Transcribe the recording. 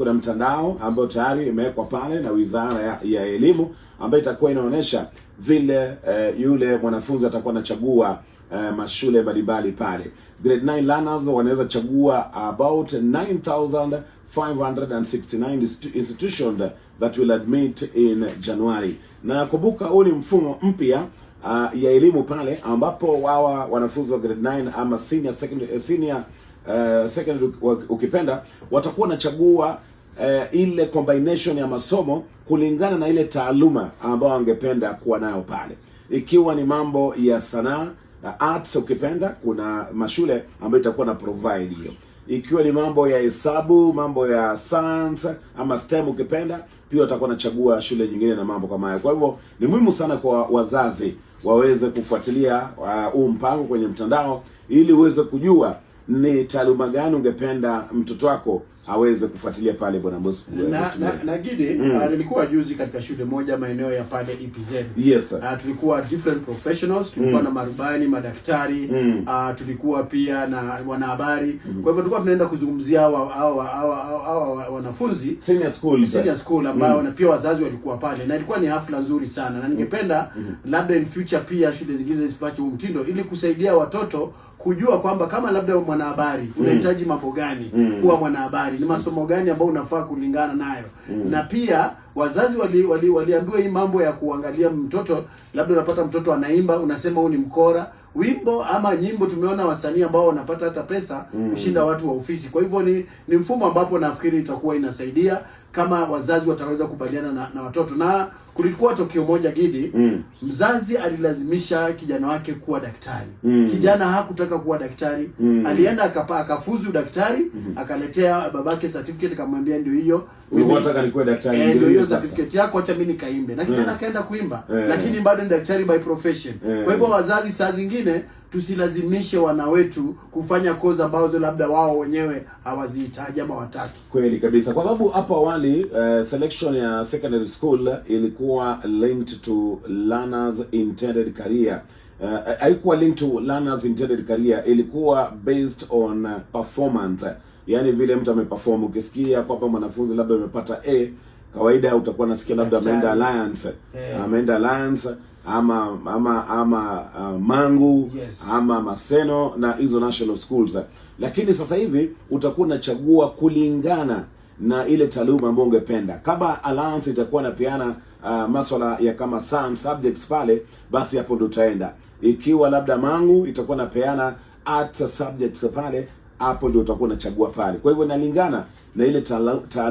Kuna mtandao ambao tayari imewekwa pale na Wizara ya, ya Elimu ambayo itakuwa inaonyesha vile eh, yule mwanafunzi atakuwa anachagua eh, mashule mbalimbali pale. Grade 9 learners wanaweza chagua about 9569 institutions that will admit in January. Na kumbuka huu ni mfumo mpya uh, ya elimu pale ambapo wawa wanafunzi wa grade 9 ama senior secondary, eh, senior uh, eh, secondary ukipenda, watakuwa wanachagua uh, ile combination ya masomo kulingana na ile taaluma ambayo wangependa kuwa nayo pale, ikiwa ni mambo ya sanaa arts ukipenda, kuna mashule ambayo itakuwa na provide hiyo ikiwa ni mambo ya hesabu, mambo ya science ama STEM ukipenda, pia watakuwa nachagua shule nyingine na mambo kama hayo. Kwa hivyo ni muhimu sana kwa wazazi waweze kufuatilia ah, huu uh, mpango kwenye mtandao ili uweze kujua ni taaluma gani ungependa mtoto wako aweze kufuatilia pale Bwana Bosco? Na, na, na Gidi mm. Uh, nilikuwa juzi katika shule moja maeneo ya pale EPZ. Yes sir. Uh, tulikuwa different professionals, tulikuwa mm. na marubani, madaktari mm. uh, tulikuwa pia na wanahabari mm. Kwa hivyo tulikuwa tunaenda kuzungumzia hawa wanafunzi senior school, senior school ambao mm. pia wazazi walikuwa pale na ilikuwa ni hafla nzuri sana na ningependa mm. mm. labda in future pia shule zingine zifuate huu mtindo ili kusaidia watoto kujua kwamba kama labda mwanahabari mm. unahitaji mambo gani mm. kuwa mwanahabari, ni masomo gani ambayo unafaa kulingana nayo mm. na pia wazazi wali, wali, waliambiwa hii mambo ya kuangalia mtoto, labda unapata mtoto anaimba, unasema huu ni mkora wimbo ama nyimbo, tumeona wasanii ambao wanapata hata pesa mm. kushinda watu wa ofisi. Kwa hivyo ni, ni mfumo ambapo nafikiri itakuwa inasaidia kama wazazi wataweza kubaliana na, na watoto. Na kulikuwa tokio moja Gidi mm. mzazi alilazimisha kijana wake kuwa daktari mm. kijana hakutaka kuwa daktari mm. alienda akapa akafuzu daktari mm akaletea babake certificate, akamwambia ndio hiyo daktari, eh, ndio hiyo certificate yako, acha mimi nikaimbe. Na eh. kijana akaenda yeah. kuimba yeah. lakini bado ni daktari by profession yeah. kwa hivyo wazazi saa zingine mwingine tusilazimishe wana wetu kufanya kozi ambazo labda wao wenyewe hawazihitaji ama wataki. Kweli kabisa, kwa sababu hapo awali uh, selection ya secondary school ilikuwa linked to learners intended career eh, eh, haikuwa uh, linked to learners intended career, ilikuwa based on performance, yaani vile mtu ameperform. Ukisikia kwamba mwanafunzi labda amepata A kawaida utakuwa nasikia labda ameenda Alliance yeah. ameenda Alliance ama ama ama uh, Mangu yes. ama Maseno na hizo national schools, lakini sasa hivi utakuwa unachagua kulingana na ile taaluma ambayo ungependa. Kama Alliance itakuwa napeana uh, masuala ya kama science subjects pale, basi hapo ndo utaenda. Ikiwa labda Mangu itakuwa napeana art subjects pale, hapo ndio utakuwa unachagua pale. Kwa hivyo inalingana na ile taaluma